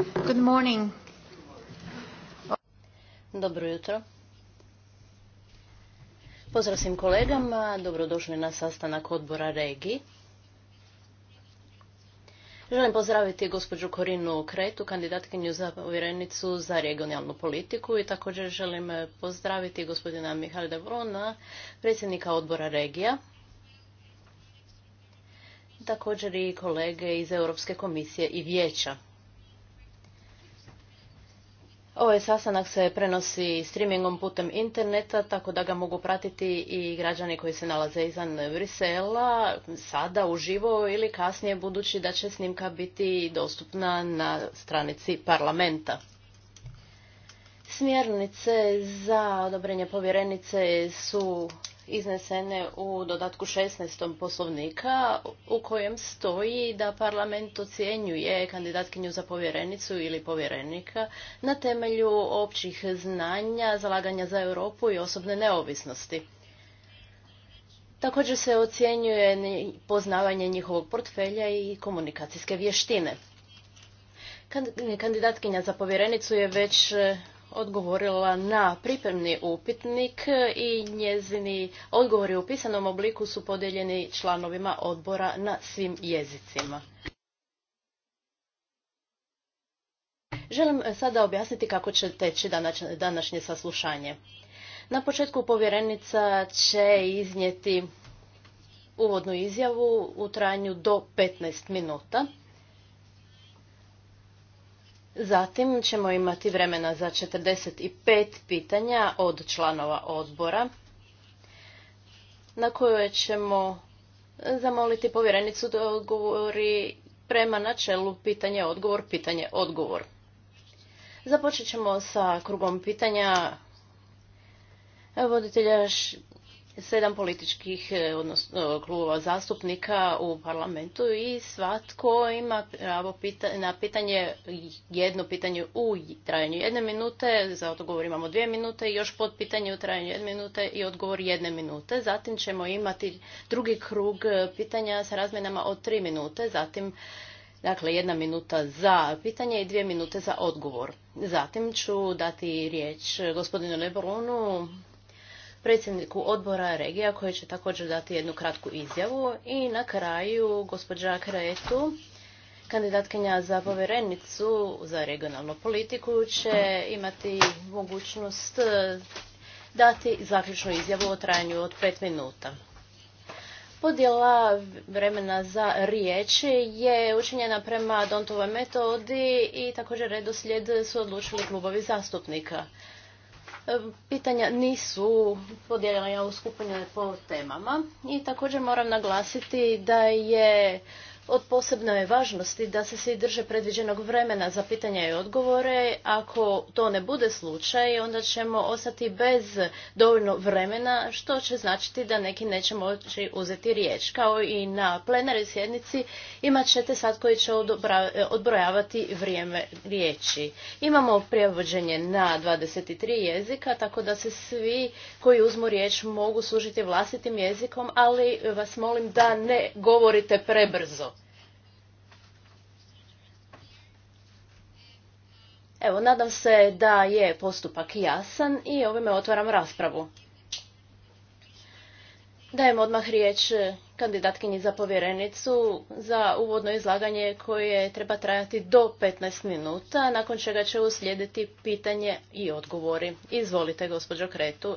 Good morning. Dobro jutro. Pozdrav svim kolegama, dobrodošli na sastanak odbora Regi. Želim pozdraviti gospođu Korinu Kretu, kandidatkinju za povjerenicu za regionalnu politiku i također želim pozdraviti gospodina Mihajla Davrona, predsjednika odbora Regija također i kolege iz Europske komisije i vijeća. Ovaj sastanak se prenosi streamingom putem interneta, tako da ga mogu pratiti i građani koji se nalaze izvan Brisela, sada uživo ili kasnije, budući da će snimka biti dostupna na stranici parlamenta. Smjernice za odobrenje povjerenice su iznesene u dodatku 16. poslovnika u kojem stoji da parlament ocjenjuje kandidatkinju za povjerenicu ili povjerenika na temelju općih znanja, zalaganja za Europu i osobne neovisnosti. Također se ocjenjuje poznavanje njihovog portfelja i komunikacijske vještine. Kandidatkinja za povjerenicu je već odgovorila na pripremni upitnik i njezini odgovori u pisanom obliku su podijeljeni članovima odbora na svim jezicima. Želim sada objasniti kako će teći današnje saslušanje. Na početku povjerenica će iznijeti uvodnu izjavu u trajanju do 15 minuta. Zatim ćemo imati vremena za 45 pitanja od članova odbora na koje ćemo zamoliti povjerenicu da odgovori prema načelu pitanje odgovor pitanje odgovor. Započet ćemo sa krugom pitanja voditelja sedam političkih e, odnosno, klubova zastupnika u parlamentu i svatko ima pravo na pitanje, jedno pitanje u trajanju jedne minute, za odgovor imamo dvije minute i još pod pitanje u trajanju jedne minute i odgovor jedne minute. Zatim ćemo imati drugi krug e, pitanja sa razmjenama od tri minute, zatim Dakle, jedna minuta za pitanje i dvije minute za odgovor. Zatim ću dati riječ e, gospodinu Lebrunu, predsjedniku odbora regija koji će također dati jednu kratku izjavu i na kraju gospođa Kretu kandidatkinja za povjerenicu za regionalnu politiku će imati mogućnost e, dati zaključnu izjavu o trajanju od pet minuta. Podjela vremena za riječi je učinjena prema Dontovoj metodi i također redoslijed su odlučili klubovi zastupnika. E, pitanja nisu podijeljena u skupine po temama i također moram naglasiti da je od posebno je važnosti da se svi drže predviđenog vremena za pitanja i odgovore. Ako to ne bude slučaj, onda ćemo ostati bez dovoljno vremena, što će značiti da neki neće moći uzeti riječ. Kao i na plenarnoj sjednici imat ćete sad koji će odbrojavati vrijeme riječi. Imamo prijevođenje na 23 jezika, tako da se svi koji uzmu riječ mogu služiti vlastitim jezikom, ali vas molim da ne govorite prebrzo. Evo, nadam se da je postupak jasan i ovime otvaram raspravu. Dajem odmah riječ kandidatkinji za povjerenicu za uvodno izlaganje koje treba trajati do 15 minuta, nakon čega će uslijediti pitanje i odgovori. Izvolite, gospođo Kretu,